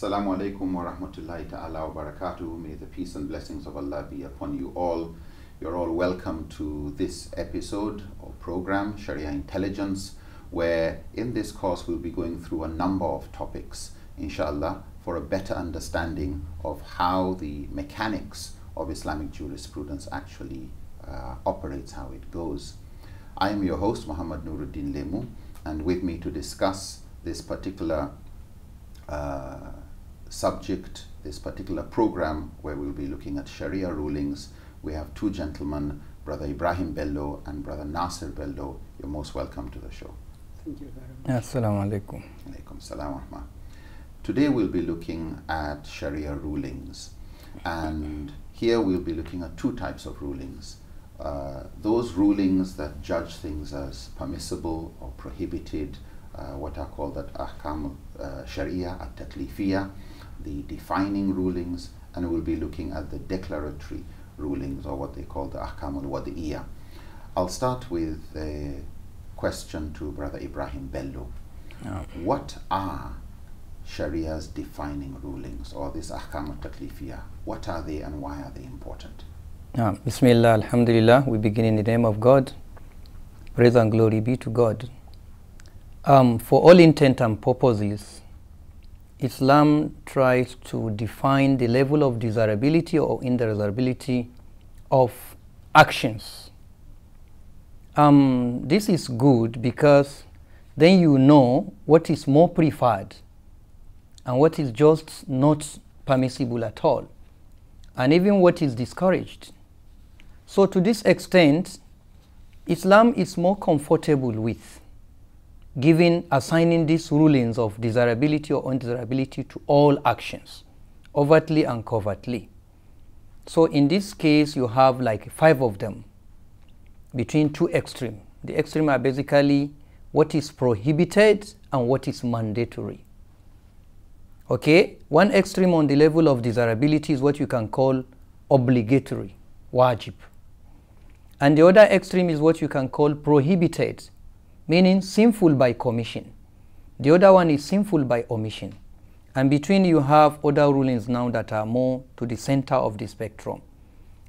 Assalamu alaikum wa rahmatullahi ta'ala wa barakatuh. May the peace and blessings of Allah be upon you all. You're all welcome to this episode or program, Sharia Intelligence, where in this course we'll be going through a number of topics, inshallah, for a better understanding of how the mechanics of Islamic jurisprudence actually uh, operates, how it goes. I am your host, Muhammad Nuruddin Lemu, and with me to discuss this particular uh, subject, this particular program where we'll be looking at Sharia rulings, we have two gentlemen, Brother Ibrahim Bello and Brother Nasir Bello. You're most welcome to the show. Thank you very much. Assalamu alaikum. Alaikum salam Today we'll be looking at Sharia rulings. And here we'll be looking at two types of rulings. Uh, those rulings that judge things as permissible or prohibited, uh, what are called that ahkam uh, sharia at taklifiyah the defining rulings, and we'll be looking at the declaratory rulings, or what they call the Ahkam al-Wadi'iyah. I'll start with a question to Brother Ibrahim Bello. What are Sharia's defining rulings, or this Ahkam al-Taklifiyah? What are they and why are they important? Uh, Bismillah, Alhamdulillah, we begin in the name of God. Praise and glory be to God. Um, for all intent and purposes, Islam tries to define the level of desirability or undesirability of actions. Um, this is good because then you know what is more preferred and what is just not permissible at all, and even what is discouraged. So, to this extent, Islam is more comfortable with giving, assigning these rulings of desirability or undesirability to all actions, overtly and covertly. So in this case, you have like five of them between two extremes. The extreme are basically what is prohibited and what is mandatory. Okay, one extreme on the level of desirability is what you can call obligatory, wajib. And the other extreme is what you can call prohibited, meaning sinful by commission. The other one is sinful by omission. And between you have other rulings now that are more to the center of the spectrum.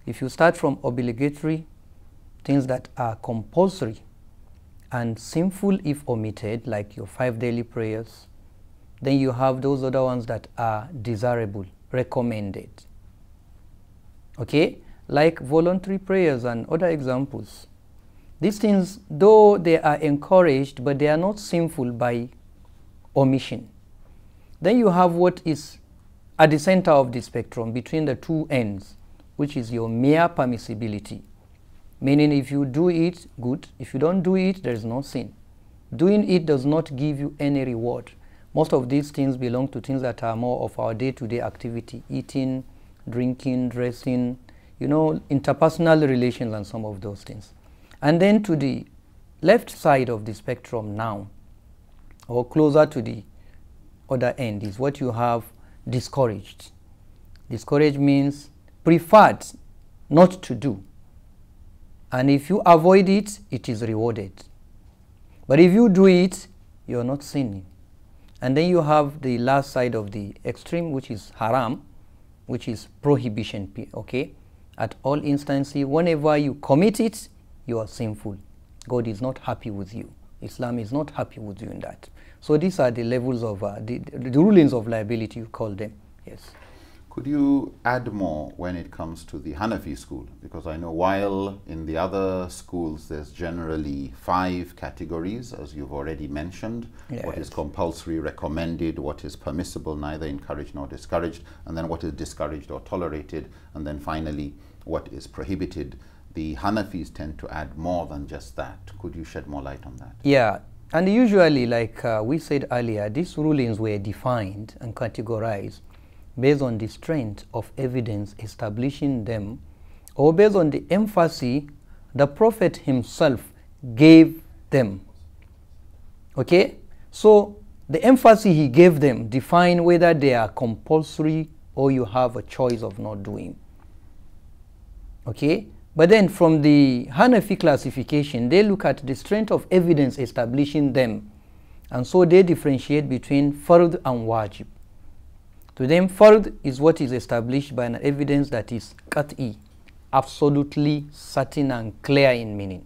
If you start from obligatory, things that are compulsory and sinful if omitted, like your five daily prayers, then you have those other ones that are desirable, recommended. Okay? Like voluntary prayers and other examples. These things, though they are encouraged, but they are not sinful by omission. Then you have what is at the center of the spectrum between the two ends, which is your mere permissibility. Meaning, if you do it, good. If you don't do it, there is no sin. Doing it does not give you any reward. Most of these things belong to things that are more of our day to day activity eating, drinking, dressing, you know, interpersonal relations, and some of those things. And then to the left side of the spectrum now, or closer to the other end, is what you have discouraged. Discouraged means preferred not to do. And if you avoid it, it is rewarded. But if you do it, you are not sinning. And then you have the last side of the extreme, which is haram, which is prohibition, okay? At all instances, whenever you commit it, you are sinful. God is not happy with you. Islam is not happy with you in that. So these are the levels of uh, the, the rulings of liability, you call them. Yes. Could you add more when it comes to the Hanafi school? Because I know while in the other schools there's generally five categories, as you've already mentioned yes. what is compulsory, recommended, what is permissible, neither encouraged nor discouraged, and then what is discouraged or tolerated, and then finally what is prohibited the Hanafis tend to add more than just that. Could you shed more light on that? Yeah, and usually, like uh, we said earlier, these rulings were defined and categorized based on the strength of evidence establishing them or based on the emphasis the Prophet himself gave them. Okay? So the emphasis he gave them define whether they are compulsory or you have a choice of not doing. Okay? But then from the Hanafi classification, they look at the strength of evidence establishing them. And so they differentiate between fard and wajib. To them, fard is what is established by an evidence that is qat'i, absolutely certain and clear in meaning.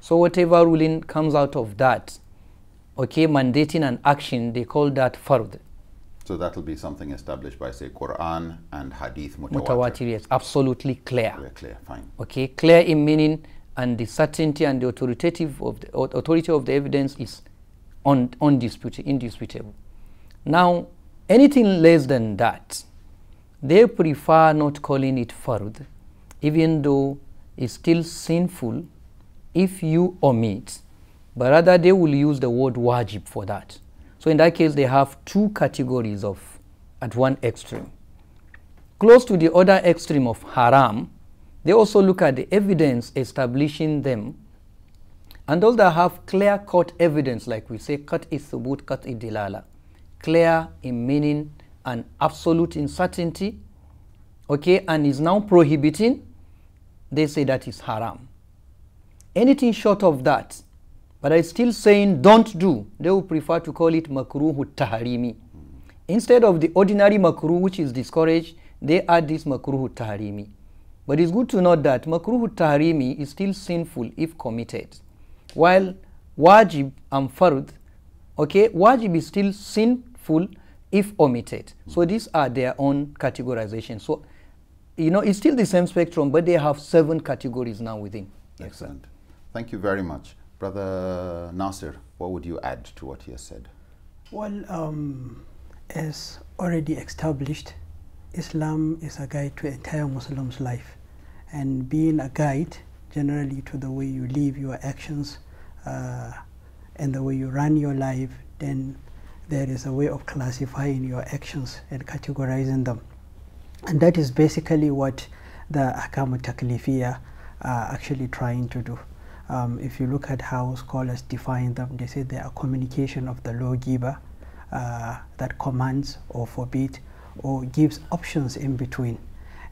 So whatever ruling comes out of that, okay, mandating an action, they call that fard. So that'll be something established by, say, Quran and Hadith mutawatir. yes, absolutely clear. Clear, clear, fine. Okay, clear in meaning and the certainty and the authoritative of the authority of the evidence is un, undisputed, indisputable. Now, anything less than that, they prefer not calling it farud, even though it's still sinful if you omit, but rather they will use the word wajib for that. So in that case, they have two categories of at one extreme. Close to the other extreme of haram, they also look at the evidence establishing them. And those that have clear-cut evidence, like we say, cut is subut, cut is dilala, clear in meaning and absolute in certainty, okay, and is now prohibiting, they say that is haram. Anything short of that but I still saying don't do, they will prefer to call it makruhu taharimi. Instead of the ordinary makruh which is discouraged, they add this makruhu taharimi. But it's good to note that makruhu taharimi is still sinful if committed, while wajib and fard, okay, wajib is still sinful if omitted. So these are their own categorization. So, you know, it's still the same spectrum, but they have seven categories now within. Excellent. Thank you very much. Brother Nasir, what would you add to what he has said? Well, um, as already established, Islam is a guide to entire Muslim's life. And being a guide generally to the way you live, your actions, uh, and the way you run your life, then there is a way of classifying your actions and categorizing them. And that is basically what the Ahkam Taklifiyah are actually trying to do. Um, if you look at how scholars define them, they say they are communication of the lawgiver uh, that commands or forbids or gives options in between.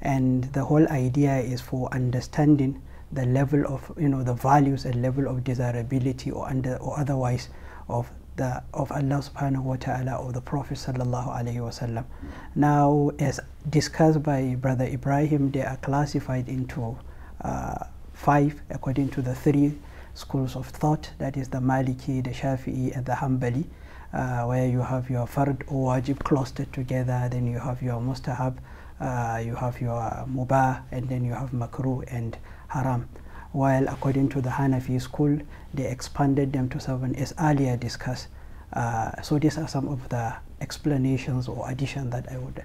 And the whole idea is for understanding the level of, you know, the values and level of desirability or under or otherwise of the of Allah subhanahu wa ta'ala or the Prophet sallallahu alayhi wasallam. Now, as discussed by Brother Ibrahim, they are classified into uh, five according to the three schools of thought, that is the Maliki, the Shafi'i, and the Hanbali, uh, where you have your Fard or Wajib clustered together, then you have your Mustahab, uh, you have your Mubah, and then you have Makruh and Haram. While according to the Hanafi school, they expanded them to seven as earlier discussed. Uh, so these are some of the explanations or additions that I would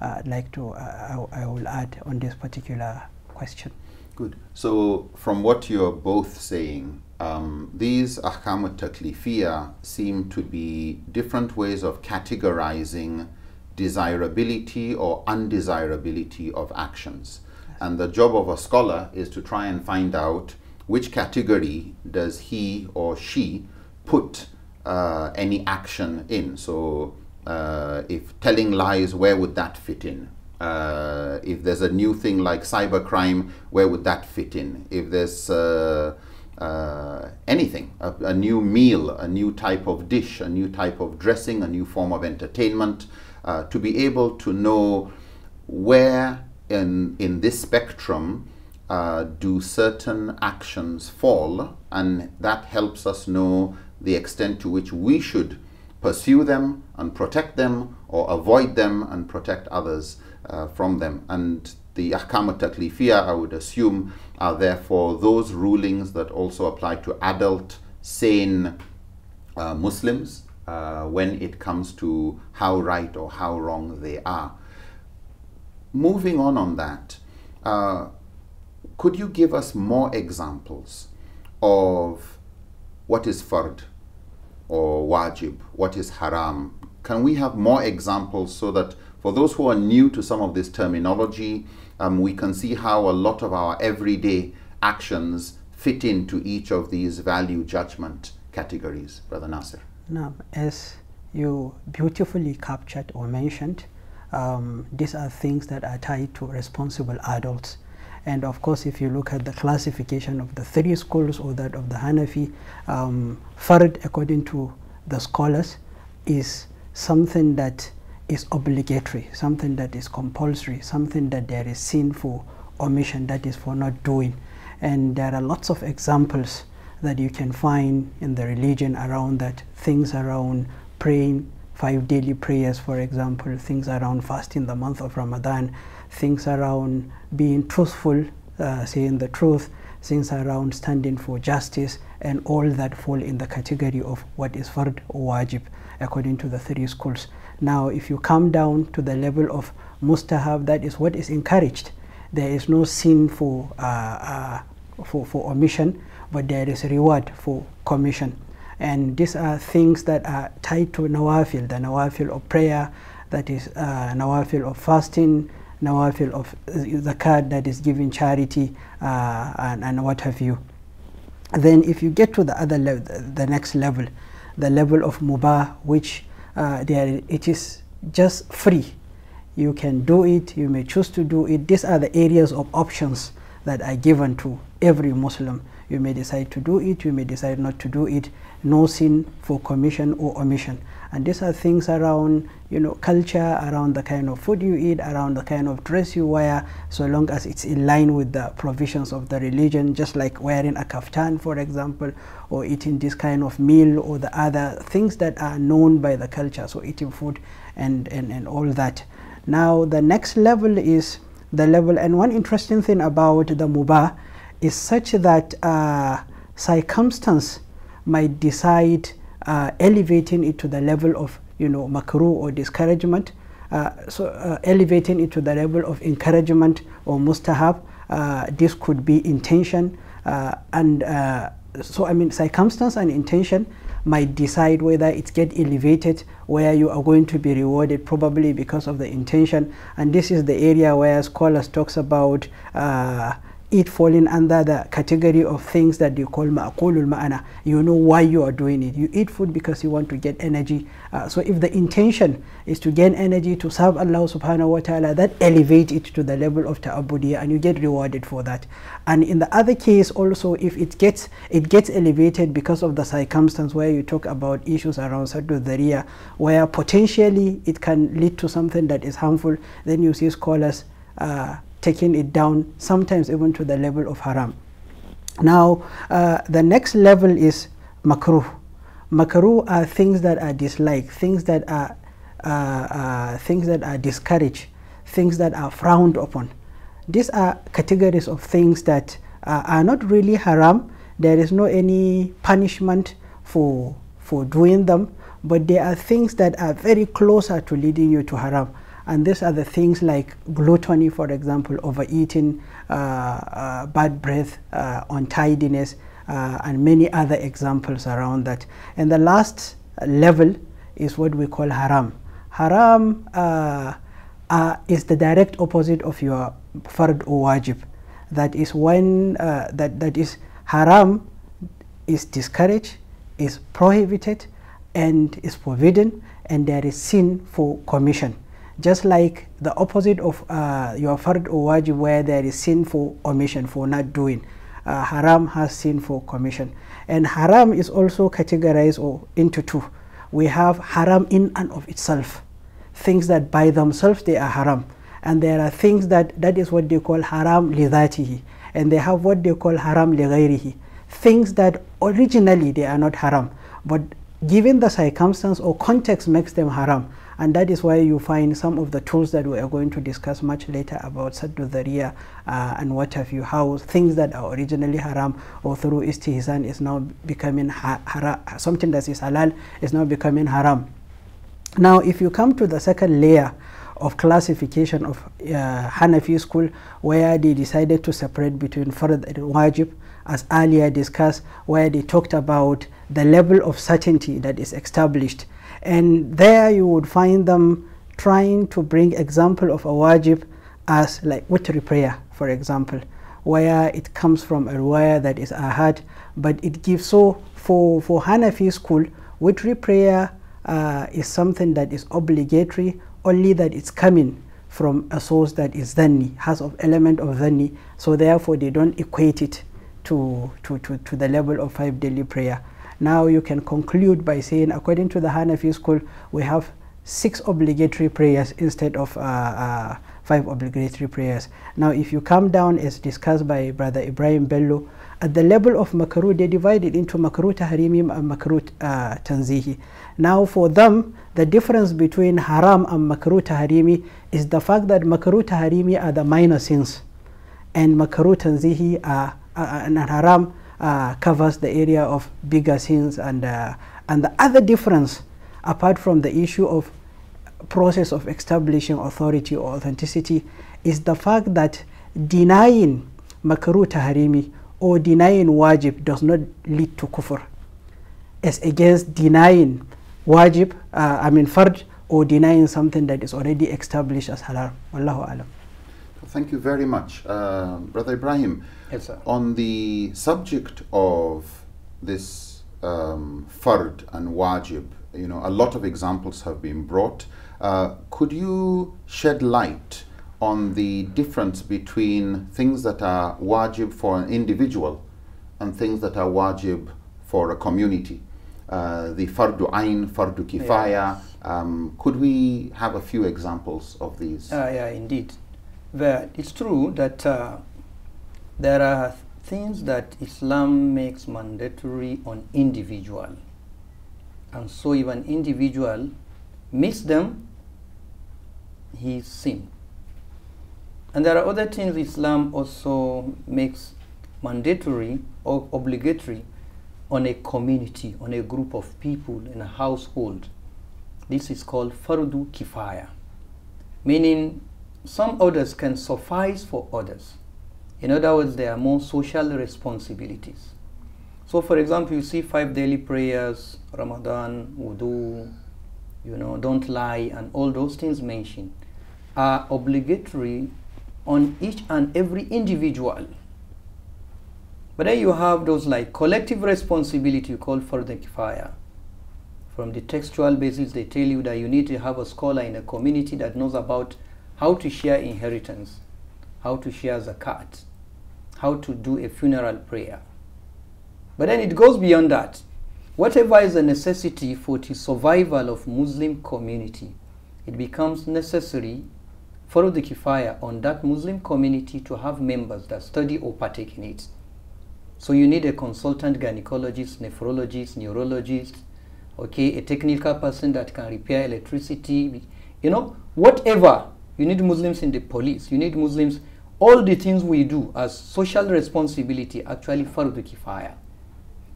uh, like to, uh, I, I will add on this particular question. Good. So, from what you're both saying, um, these ahkam taklifiya seem to be different ways of categorizing desirability or undesirability of actions. And the job of a scholar is to try and find out which category does he or she put uh, any action in. So, uh, if telling lies, where would that fit in? Uh, if there's a new thing like cybercrime, where would that fit in? If there's uh, uh, anything, a, a, new meal, a new type of dish, a new type of dressing, a new form of entertainment, uh, to be able to know where in, in this spectrum uh, do certain actions fall, and that helps us know the extent to which we should pursue them and protect them or avoid them and protect others uh, from them. And the ahkam taklifiya, I would assume, are therefore those rulings that also apply to adult, sane uh, Muslims uh, when it comes to how right or how wrong they are. Moving on on that, uh, could you give us more examples of what is fard or wajib, what is haram? Can we have more examples so that for those who are new to some of this terminology, um, we can see how a lot of our everyday actions fit into each of these value judgment categories, Brother Nasser. Now, as you beautifully captured or mentioned, um, these are things that are tied to responsible adults. And of course, if you look at the classification of the three schools or that of the Hanafi, um, according to the scholars, is something that is obligatory, something that is compulsory, something that there is sinful omission, that is for not doing. And there are lots of examples that you can find in the religion around that, things around praying, five daily prayers, for example, things around fasting the month of Ramadan, things around being truthful, uh, saying the truth, things around standing for justice, and all that fall in the category of what is fard or wajib, according to the three schools. Now, if you come down to the level of mustahab, that is what is encouraged. There is no sin for, uh, uh, for, for omission, but there is reward for commission. And these are things that are tied to nawafil, the nawafil of prayer, that is uh, nawafil of fasting, nawafil of zakat, that is giving charity, uh, and, and what have you. Then if you get to the other level, the next level, the level of mubah, which uh, there it is just free you can do it you may choose to do it these are the areas of options that are given to every muslim you may decide to do it you may decide not to do it no sin for commission or omission and these are things around, you know, culture, around the kind of food you eat, around the kind of dress you wear, so long as it's in line with the provisions of the religion, just like wearing a kaftan, for example, or eating this kind of meal or the other things that are known by the culture, so eating food and, and, and all that. Now, the next level is the level, and one interesting thing about the mubah is such that uh, circumstance might decide uh, elevating it to the level of you know makruh or discouragement, uh, so uh, elevating it to the level of encouragement or mustahab. Uh, this could be intention and so I mean circumstance and intention might decide whether it get elevated where you are going to be rewarded probably because of the intention and this is the area where scholars talks about uh, it falling under the category of things that you call ma'akulul ma'ana. You know why you are doing it. You eat food because you want to get energy. Uh, so if the intention is to gain energy to serve Allah subhanahu wa ta'ala, that elevate it to the level of ta'abudiyya and you get rewarded for that. And in the other case also, if it gets it gets elevated because of the circumstance where you talk about issues around sadhu dhariya, where potentially it can lead to something that is harmful, then you see scholars uh, taking it down, sometimes even to the level of haram. Now, uh, the next level is makruh. Makruh are things that are disliked, things that are uh, uh, things that are discouraged, things that are frowned upon. These are categories of things that uh, are not really haram. There is no any punishment for for doing them, but there are things that are very closer to leading you to haram. And these are the things like gluttony, for example, overeating, uh, uh, bad breath, uh, untidiness, and many other examples around that. And the last level is what we call haram. Haram uh, uh, is the direct opposite of your fard or wajib. That is when uh, that that is haram is discouraged, is prohibited, and is forbidden, and there is sin for commission just like the opposite of uh, your fard or wajib where there is sin for omission for not doing uh, haram has sin for commission and haram is also categorized or into two we have haram in and of itself things that by themselves they are haram and there are things that that is what they call haram lidatihi and they have what they call haram lighairihi things that originally they are not haram but given the circumstance or context makes them haram and that is why you find some of the tools that we are going to discuss much later about Saddudaria uh, and what have you, how things that are originally haram or through istihsan is now becoming haram, something that is halal is now becoming haram. Now, if you come to the second layer, of classification of uh, Hanafi school where they decided to separate between Fard and Wajib as earlier discussed where they talked about the level of certainty that is established and there you would find them trying to bring example of a wajib as like witr prayer for example where it comes from a riwayah that is ahad but it gives so for for Hanafi school witr prayer uh, is something that is obligatory only that it's coming from a source that is zanni, has of element of zanni, so therefore they don't equate it to to, to, to the level of five daily prayer now you can conclude by saying, according to the Hanafi school, we have six obligatory prayers instead of uh, uh, five obligatory prayers. Now, if you come down, as discussed by Brother Ibrahim Bello, at the level of makruh, they are it into makruh tahrimim and makruh uh, tanzihi. Now, for them, the difference between haram and makruh tahrimi is the fact that makruh tahrimi are the minor sins, and makruh tanzihi are, are, uh, and haram uh, covers the area of bigger sins and, uh, and the other difference apart from the issue of process of establishing authority or authenticity is the fact that denying makruh tahrimi or denying wajib does not lead to kufr as against denying wajib uh, I mean fard or denying something that is already established as halal wallahu alam Thank you very much, uh, Brother Ibrahim. Yes, sir. On the subject of this um, fard and wajib, you know, a lot of examples have been brought. Uh, could you shed light on the difference between things that are wajib for an individual and things that are wajib for a community? Uh, the fardu ain, fardu kifaya. Yes. Um, could we have a few examples of these? Uh, yeah, indeed that it's true that uh, there are things that Islam makes mandatory on individual. And so if an individual miss them, he sin. And there are other things Islam also makes mandatory or obligatory on a community, on a group of people in a household. This is called fardu kifaya, meaning some orders can suffice for others. In other words, there are more social responsibilities. So, for example, you see five daily prayers, Ramadan, wudu, you know, don't lie, and all those things mentioned are obligatory on each and every individual. But then you have those like collective responsibility called for the kifaya. From the textual basis, they tell you that you need to have a scholar in a community that knows about how to share inheritance, how to share zakat, how to do a funeral prayer. But then it goes beyond that. Whatever is a necessity for the survival of Muslim community, it becomes necessary for the kifaya on that Muslim community to have members that study or partake in it. So you need a consultant gynecologist, nephrologist, neurologist, okay, a technical person that can repair electricity, you know, whatever you need Muslims in the police. You need Muslims. All the things we do as social responsibility actually follow the kifaya.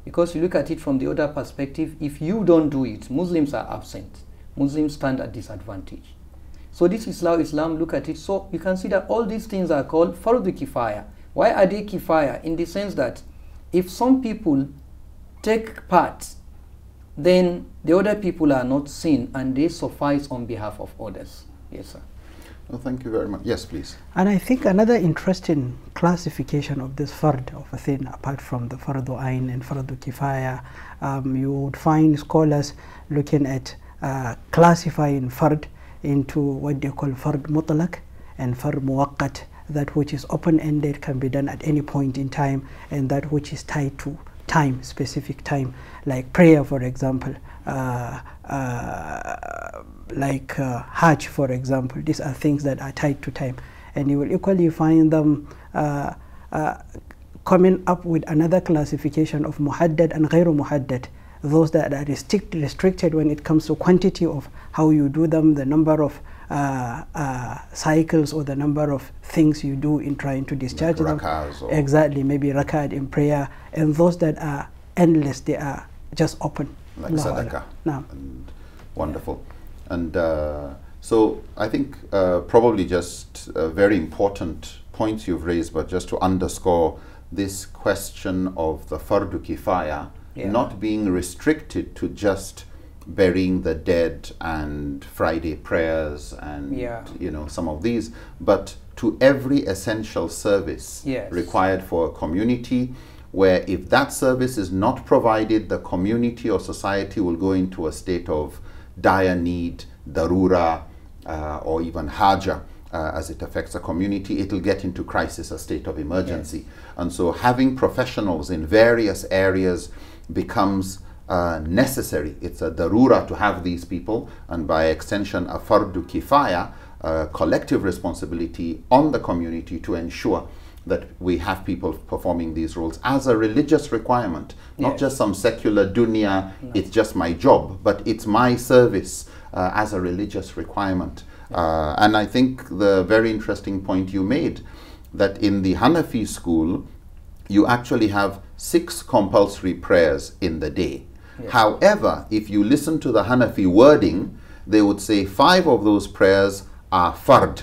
Because you look at it from the other perspective, if you don't do it, Muslims are absent. Muslims stand at disadvantage. So this is how Islam look at it. So you can see that all these things are called the kifaya. Why are they kifaya? In the sense that if some people take part, then the other people are not seen and they suffice on behalf of others. Yes, sir. Well, thank you very much. Yes, please. And I think another interesting classification of this fard of a thing, apart from the fardu ain and fardu kifaya, um, you would find scholars looking at uh, classifying fard into what they call fard mutlak and fard muwaqqat, that which is open-ended, can be done at any point in time, and that which is tied to time, specific time, like prayer, for example. Uh, uh, like uh, Hajj, for example. These are things that are tied to time. And you will equally find them uh, uh coming up with another classification of muhaddad and ghairu muhaddad, those that are restrict, restricted when it comes to quantity of how you do them, the number of uh, uh, cycles or the number of things you do in trying to discharge like them. Exactly, maybe rakat in prayer, and those that are endless, they are just open like Allah No. And wonderful. Yeah. And uh, so I think uh, probably just uh, very important points you've raised, but just to underscore this question of the fardu kifaya yeah. not being restricted to just burying the dead and Friday prayers and yeah. you know some of these, but to every essential service yes. required for a community where if that service is not provided, the community or society will go into a state of dire need, darura, uh, or even haja. Uh, as it affects a community, it'll get into crisis, a state of emergency. Yes. And so having professionals in various areas becomes uh, necessary. It's a darura to have these people, and by extension, a fardu kifaya, uh, collective responsibility on the community to ensure that we have people performing these roles as a religious requirement, not yes. just some secular dunya, no. it's just my job, but it's my service uh, as a religious requirement. Uh, and I think the very interesting point you made that in the Hanafi school, you actually have six compulsory prayers in the day. Yes. However, if you listen to the Hanafi wording, they would say five of those prayers are fard,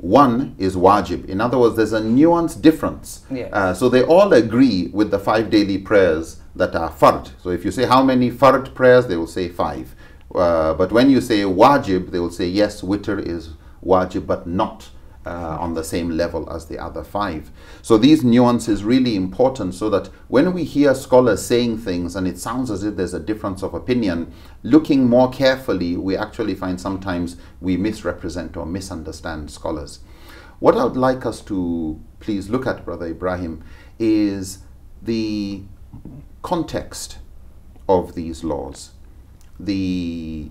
one is wajib. In other words, there's a nuanced difference. Uh, so they all agree with the five daily prayers that are fard. So if you say how many fard prayers, they will say five. Uh, but when you say wajib, they will say yes, witr is wajib, but not uh, on the same level as the other five. So these nuances really important so that when we hear scholars saying things and it sounds as if there's a difference of opinion, looking more carefully, we actually find sometimes we misrepresent or misunderstand scholars. What I would like us to please look at, Brother Ibrahim, is the context of these laws, the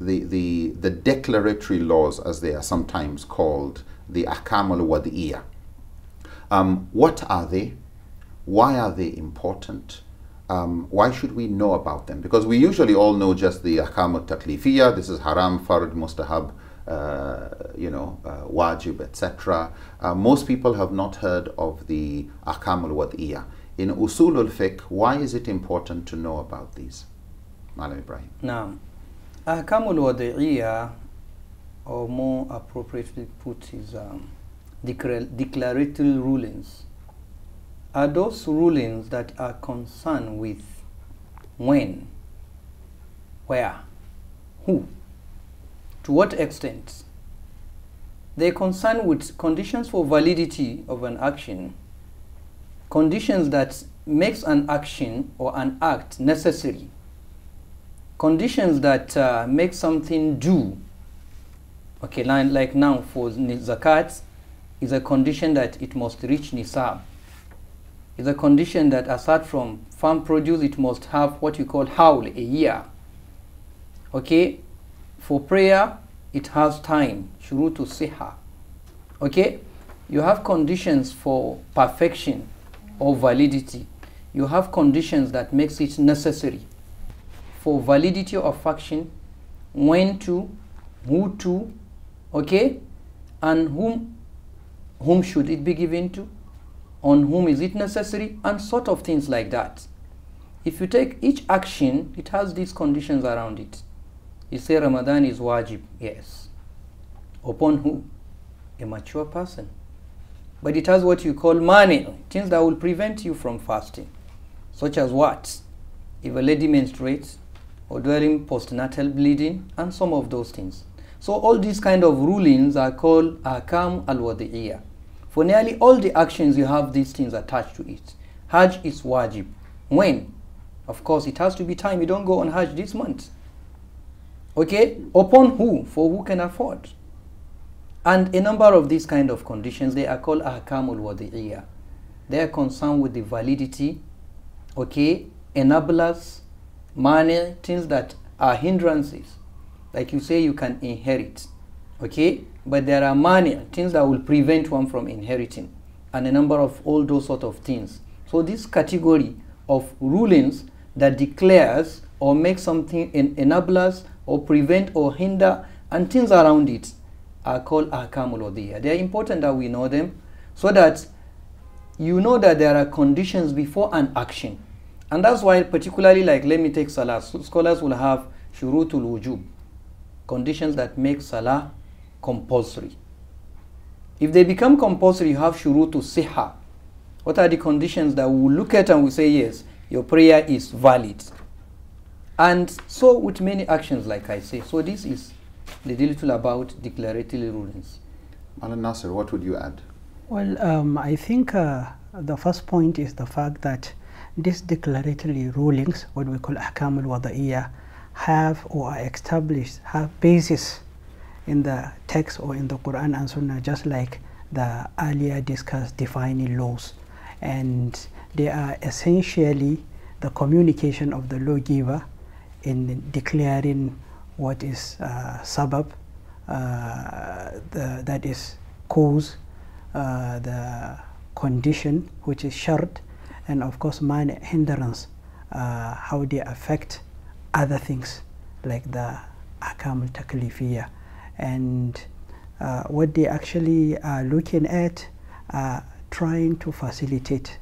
the, the, the declaratory laws, as they are sometimes called, the Akam al wadiya. Um, what are they? Why are they important? Um, why should we know about them? Because we usually all know just the Akam al taklifiya. this is haram, fard, mustahab, uh, you know, uh, wajib, etc. Uh, most people have not heard of the Akam al wadiya. In Usul al Fiqh, why is it important to know about these? Malam Ibrahim. No. Ahkamul Wadi'iyah, or more appropriately put, is um, declarative rulings, are those rulings that are concerned with when, where, who, to what extent. They concern with conditions for validity of an action, conditions that makes an action or an act necessary conditions that uh, make something due. Okay, like, like now for zakat is a condition that it must reach nisab. Is a condition that aside from farm produce, it must have what you call howl a year. Okay, for prayer, it has time, shuru to siha. Okay, you have conditions for perfection or validity. You have conditions that makes it necessary for validity of function when to who to okay and whom whom should it be given to on whom is it necessary and sort of things like that if you take each action it has these conditions around it you say ramadan is wajib yes upon who a mature person but it has what you call money things that will prevent you from fasting such as what if a lady menstruates or during postnatal bleeding and some of those things. So all these kind of rulings are called akam al-wadi'iyah. For nearly all the actions you have these things attached to it. Hajj is wajib. When? Of course it has to be time. You don't go on Hajj this month. Okay? Upon who? For who can afford. And a number of these kind of conditions, they are called al wadi'iyah. They are concerned with the validity, okay, enablers, money, things that are hindrances. Like you say, you can inherit. Okay? But there are money, things that will prevent one from inheriting, and a number of all those sort of things. So this category of rulings that declares or makes something enablers or prevent or hinder and things around it are called akamul They are important that we know them so that you know that there are conditions before an action and that's why particularly like, let me take Salah. Scholars will have shurutul wujub, conditions that make Salah compulsory. If they become compulsory, you have shurutul siha. What are the conditions that we look at and we say, yes, your prayer is valid. And so with many actions, like I say. So this is the little about declaratory rulings. Alan Nasser, what would you add? Well, um, I think uh, the first point is the fact that these declaratory rulings, what we call ahkam al-wada'iyah, have or are established, have basis in the text or in the Quran and Sunnah, just like the earlier discussed defining laws. And they are essentially the communication of the lawgiver in declaring what is uh, sabab, uh, the, that is cause, uh, the condition, which is shart, and of course minor hindrance, uh, how they affect other things like the akam taklifiya and uh, what they actually are looking at are uh, trying to facilitate.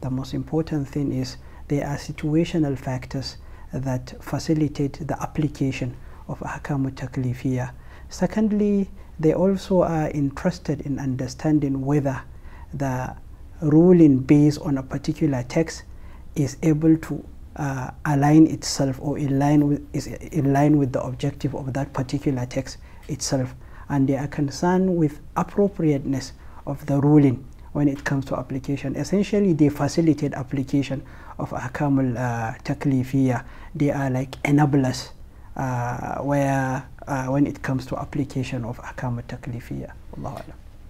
The most important thing is there are situational factors that facilitate the application of ahkamu taklifiya. Secondly, they also are interested in understanding whether the ruling based on a particular text is able to uh, align itself or in line with is in line with the objective of that particular text itself and they are concerned with appropriateness of the ruling when it comes to application. Essentially, they facilitate application of akamul uh, taklifiyya. They are like enablers uh, where uh, when it comes to application of ahkamul taklifiyya.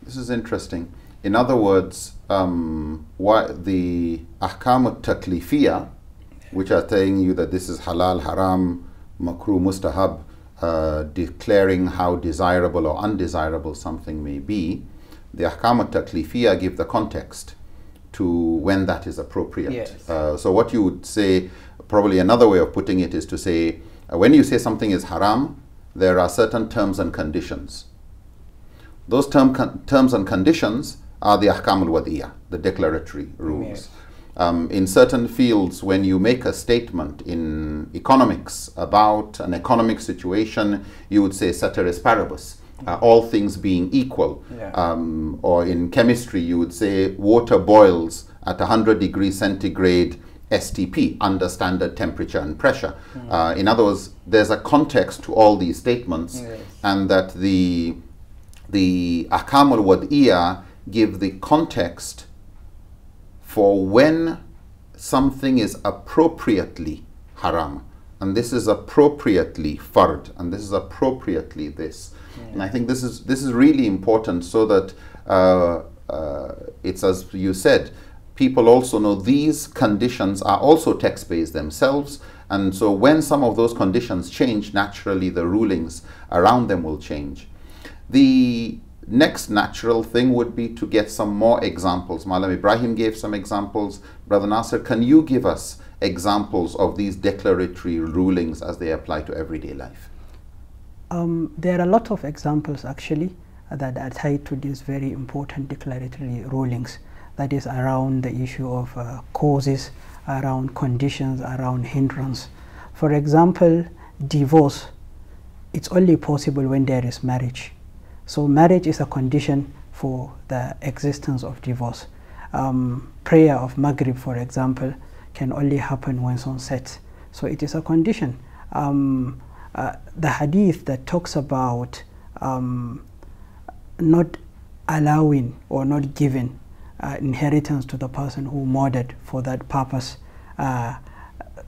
This is interesting. In other words, um, what the ahkam taklifiya, which are telling you that this is halal, haram, makruh, mustahab, uh, declaring how desirable or undesirable something may be, the ahkam taklifiya give the context to when that is appropriate. Yes. Uh, so what you would say, probably another way of putting it is to say, uh, when you say something is haram, there are certain terms and conditions. Those term con terms and conditions are the ahkam al-wadiyah, the declaratory rules. Um, in certain fields, when you make a statement in economics about an economic situation, you would say ceteris paribus. Uh, all things being equal. Yeah. Um, or in chemistry, you would say water boils at 100 degrees centigrade STP, under standard temperature and pressure. Mm. Uh, in other words, there's a context to all these statements, yes. and that the the ahkam al wad'iyah give the context for when something is appropriately haram. And this is appropriately fard, and this is appropriately this. Yeah. And I think this is this is really important so that uh, uh, it's as you said, people also know these conditions are also text-based themselves. And so when some of those conditions change, naturally the rulings around them will change. The Next natural thing would be to get some more examples. Malam Ibrahim gave some examples. Brother Nasser, can you give us examples of these declaratory rulings as they apply to everyday life? Um, there are a lot of examples actually that are tied to these very important declaratory rulings. That is around the issue of uh, causes, around conditions, around hindrance. For example, divorce, it's only possible when there is marriage so marriage is a condition for the existence of divorce. Um, prayer of Maghrib, for example, can only happen when sun sets. So it is a condition. Um, uh, the hadith that talks about um, not allowing or not giving uh, inheritance to the person who murdered for that purpose, uh,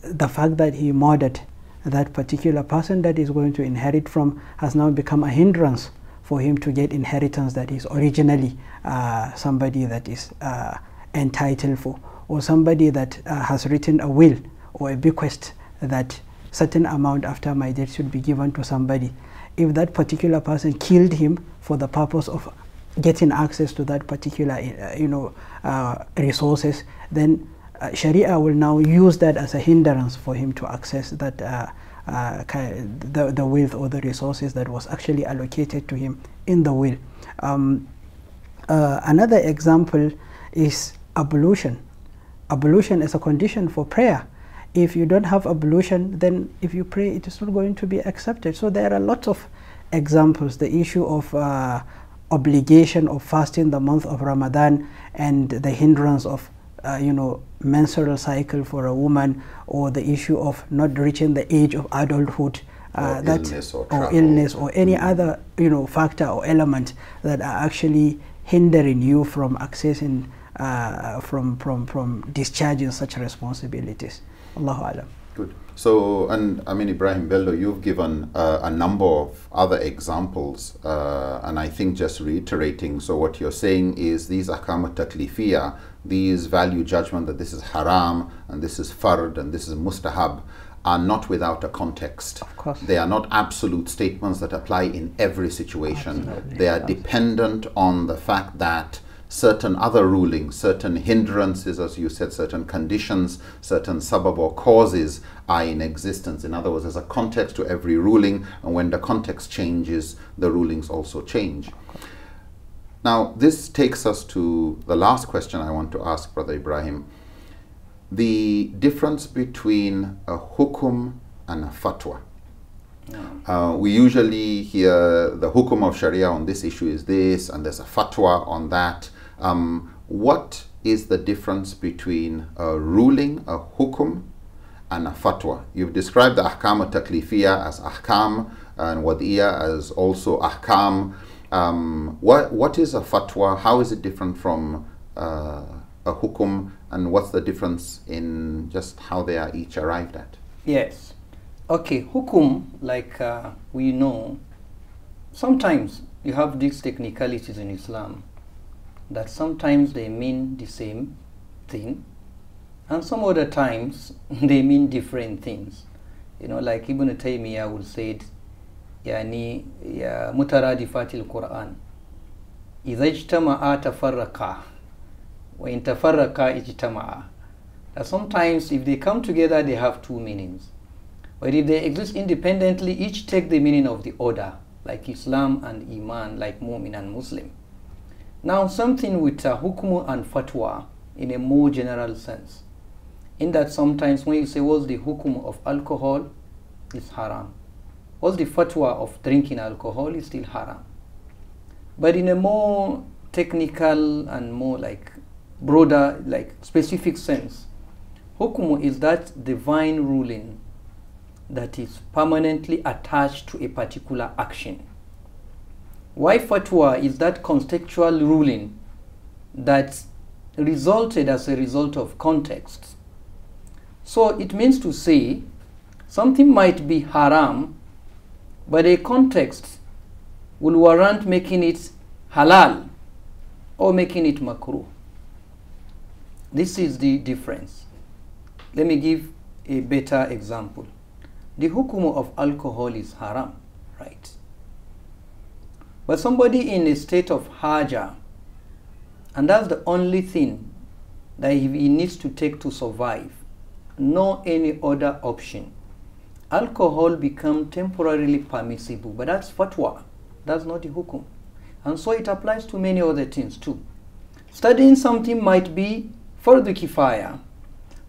the fact that he murdered that particular person that is going to inherit from has now become a hindrance for him to get inheritance that is originally uh, somebody that is uh, entitled for, or somebody that uh, has written a will or a bequest that certain amount after my death should be given to somebody. If that particular person killed him for the purpose of getting access to that particular, uh, you know, uh, resources, then uh, Sharia will now use that as a hindrance for him to access that uh, the, the wealth or the resources that was actually allocated to him in the will. Um, uh, another example is ablution. Ablution is a condition for prayer. If you don't have ablution, then if you pray, it is not going to be accepted. So there are lots of examples. The issue of uh, obligation of fasting the month of Ramadan and the hindrance of uh, you know, menstrual cycle for a woman or the issue of not reaching the age of adulthood. Uh, or that illness or, or illness or any mm. other you know factor or element that are actually hindering you from accessing uh, from from from discharging such responsibilities. Allahu alam. Good. So, and I mean, Ibrahim Bello, you've given uh, a number of other examples, uh, and I think just reiterating, so what you're saying is these akama taklifiya, these value judgment that this is haram, and this is fard, and this is mustahab, are not without a context. Of course. They are not absolute statements that apply in every situation. Absolutely. They are dependent on the fact that certain other rulings, certain hindrances, as you said, certain conditions, certain suburb or causes are in existence. In other words, there's a context to every ruling, and when the context changes, the rulings also change. Now, this takes us to the last question I want to ask Brother Ibrahim. The difference between a hukum and a fatwa. Uh, we usually hear the hukum of Sharia on this issue is this, and there's a fatwa on that. Um, what is the difference between a ruling, a hukum, and a fatwa? You've described the ahkam taklifiya as ahkam and wadiya as also ahkam. Um, what, what is a fatwa? How is it different from uh, a hukum? And what's the difference in just how they are each arrived at? Yes. Okay, hukum, like uh, we know, sometimes you have these technicalities in Islam that sometimes they mean the same thing and some other times they mean different things you know like ibn taymiyyah would say it yani ya mutaradifatil quran idha ijtama'a tafarraqa wa in that sometimes if they come together they have two meanings but if they exist independently each take the meaning of the other like islam and iman like mu'min and muslim now something with uh, hukmu and fatwa in a more general sense. In that sometimes when you say what's the hukum of alcohol, it's haram. What's the fatwa of drinking alcohol, it's still haram. But in a more technical and more like broader, like specific sense, hukum is that divine ruling that is permanently attached to a particular action. Why fatwa is that contextual ruling that resulted as a result of context. So it means to say something might be haram, but a context will warrant making it halal or making it makruh. This is the difference. Let me give a better example. The hukum of alcohol is haram, right? But somebody in a state of haja, and that's the only thing that he needs to take to survive, no any other option. Alcohol become temporarily permissible, but that's fatwa. That's not the hukum. And so it applies to many other things too. Studying something might be for the kifaya,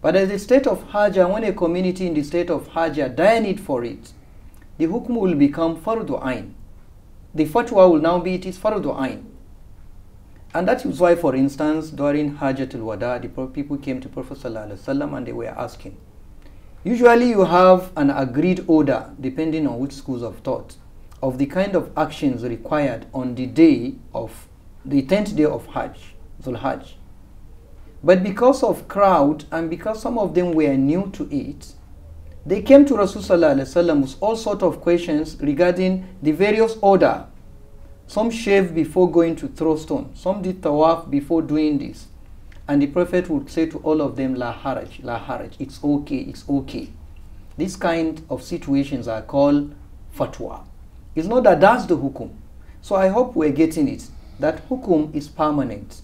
but as a state of haja, when a community in the state of haja die need for it, the hukum will become fardu ain the fatwa will now be it is fardu ain. And that is why, for instance, during Hajj al Wada, the people came to Prophet Wasallam and they were asking. Usually, you have an agreed order, depending on which schools of thought, of the kind of actions required on the day of the 10th day of Hajj, Zul Hajj. But because of crowd and because some of them were new to it, they came to Rasulullah with all sorts of questions regarding the various order. Some shaved before going to throw stone. Some did tawaf before doing this. And the Prophet would say to all of them, La haraj, la haraj, it's okay, it's okay. These kind of situations are called fatwa. It's not that that's the hukum. So I hope we're getting it. That hukum is permanent.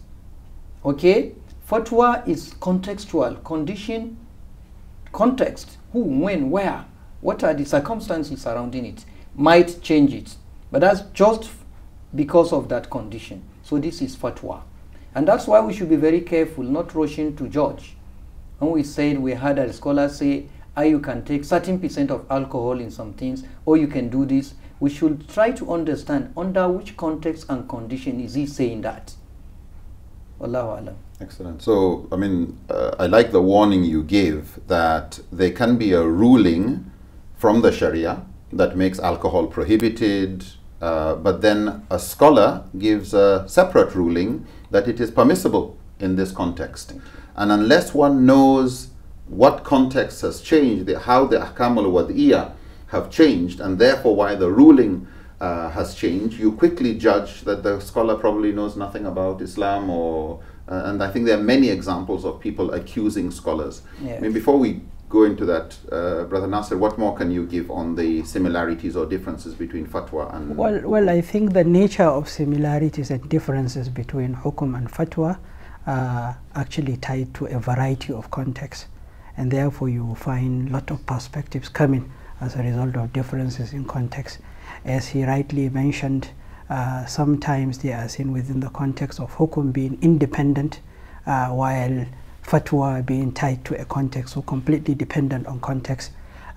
Okay? Fatwa is contextual, condition, context who, when, where, what are the circumstances surrounding it, might change it. But that's just because of that condition. So this is fatwa. And that's why we should be very careful, not rushing to judge. When we said we had a scholar say, ah, you can take certain percent of alcohol in some things, or you can do this. We should try to understand under which context and condition is he saying that. Wallahu Alam. Excellent. So, I mean, uh, I like the warning you give that there can be a ruling from the Sharia that makes alcohol prohibited, uh, but then a scholar gives a separate ruling that it is permissible in this context. And unless one knows what context has changed, the, how the ahkam al-wad'iyah have changed, and therefore why the ruling uh, has changed, you quickly judge that the scholar probably knows nothing about Islam or uh, and I think there are many examples of people accusing scholars. Yeah. I mean, before we go into that, uh, Brother Nasser, what more can you give on the similarities or differences between fatwa and. Well, well I think the nature of similarities and differences between hukum and fatwa are uh, actually tied to a variety of contexts. And therefore, you find a lot of perspectives coming as a result of differences in context. As he rightly mentioned, uh, sometimes they are seen within the context of hukum being independent uh, while fatwa being tied to a context, so completely dependent on context.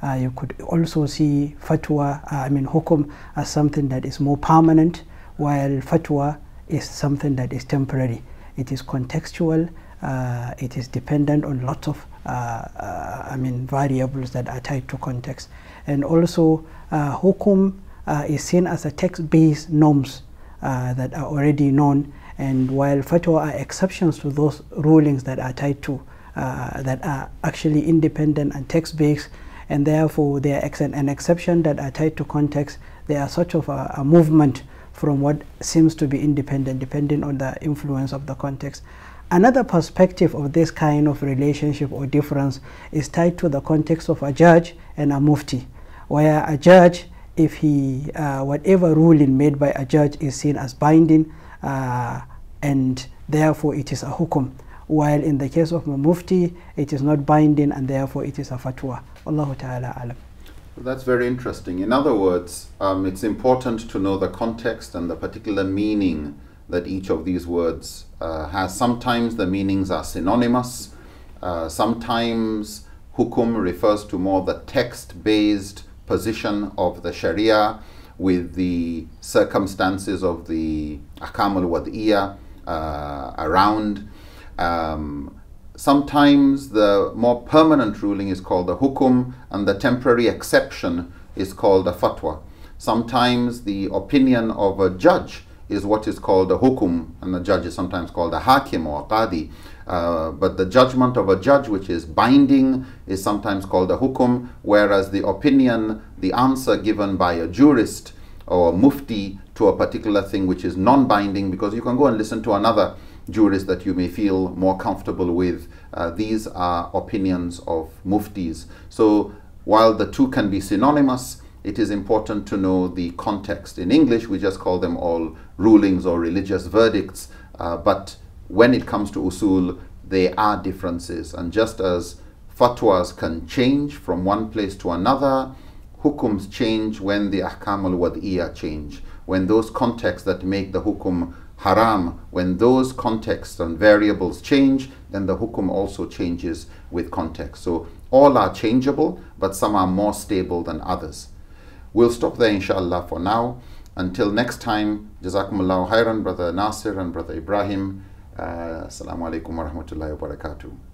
Uh, you could also see fatwa, uh, I mean hukum, as something that is more permanent, while fatwa is something that is temporary. It is contextual, uh, it is dependent on lots of, I mean, variables that are tied to context. And also hukum uh, is seen as a text-based norms uh, that are already known and while fatwa are exceptions to those rulings that are tied to uh, that are actually independent and text-based and therefore they are ex an exception that are tied to context they are sort of a, a movement from what seems to be independent depending on the influence of the context Another perspective of this kind of relationship or difference is tied to the context of a judge and a mufti, where a judge if he uh, whatever ruling made by a judge is seen as binding uh, and therefore it is a hukum while in the case of mufti it is not binding and therefore it is a fatwa Allah ta'ala alam that's very interesting in other words um, it's important to know the context and the particular meaning that each of these words uh, has sometimes the meanings are synonymous uh, sometimes hukum refers to more the text based position of the Sharia with the circumstances of the Akam al Wad'iyah uh, around. Um, sometimes the more permanent ruling is called the hukum, and the temporary exception is called a fatwa. Sometimes the opinion of a judge is what is called a hukum, and the judge is sometimes called a hakim or a qadi. Uh, but the judgment of a judge, which is binding, is sometimes called a hukum, whereas the opinion, the answer given by a jurist or mufti to a particular thing which is non binding, because you can go and listen to another jurist that you may feel more comfortable with. Uh, these are opinions of muftis. So while the two can be synonymous, it is important to know the context. In English, we just call them all rulings or religious verdicts, uh, but when it comes to usul, there are differences. And just as fatwas can change from one place to another, hukums change when the ahkam al-wad'iyah change. When those contexts that make the hukum haram, when those contexts and variables change, then the hukum also changes with context. So all are changeable, but some are more stable than others. We'll stop there inshallah for now. Until next time, Jazakumullahu khairan, Brother Nasir and Brother Ibrahim. Uh, Assalamu alaikum wa rahmatullahi wa barakatuh.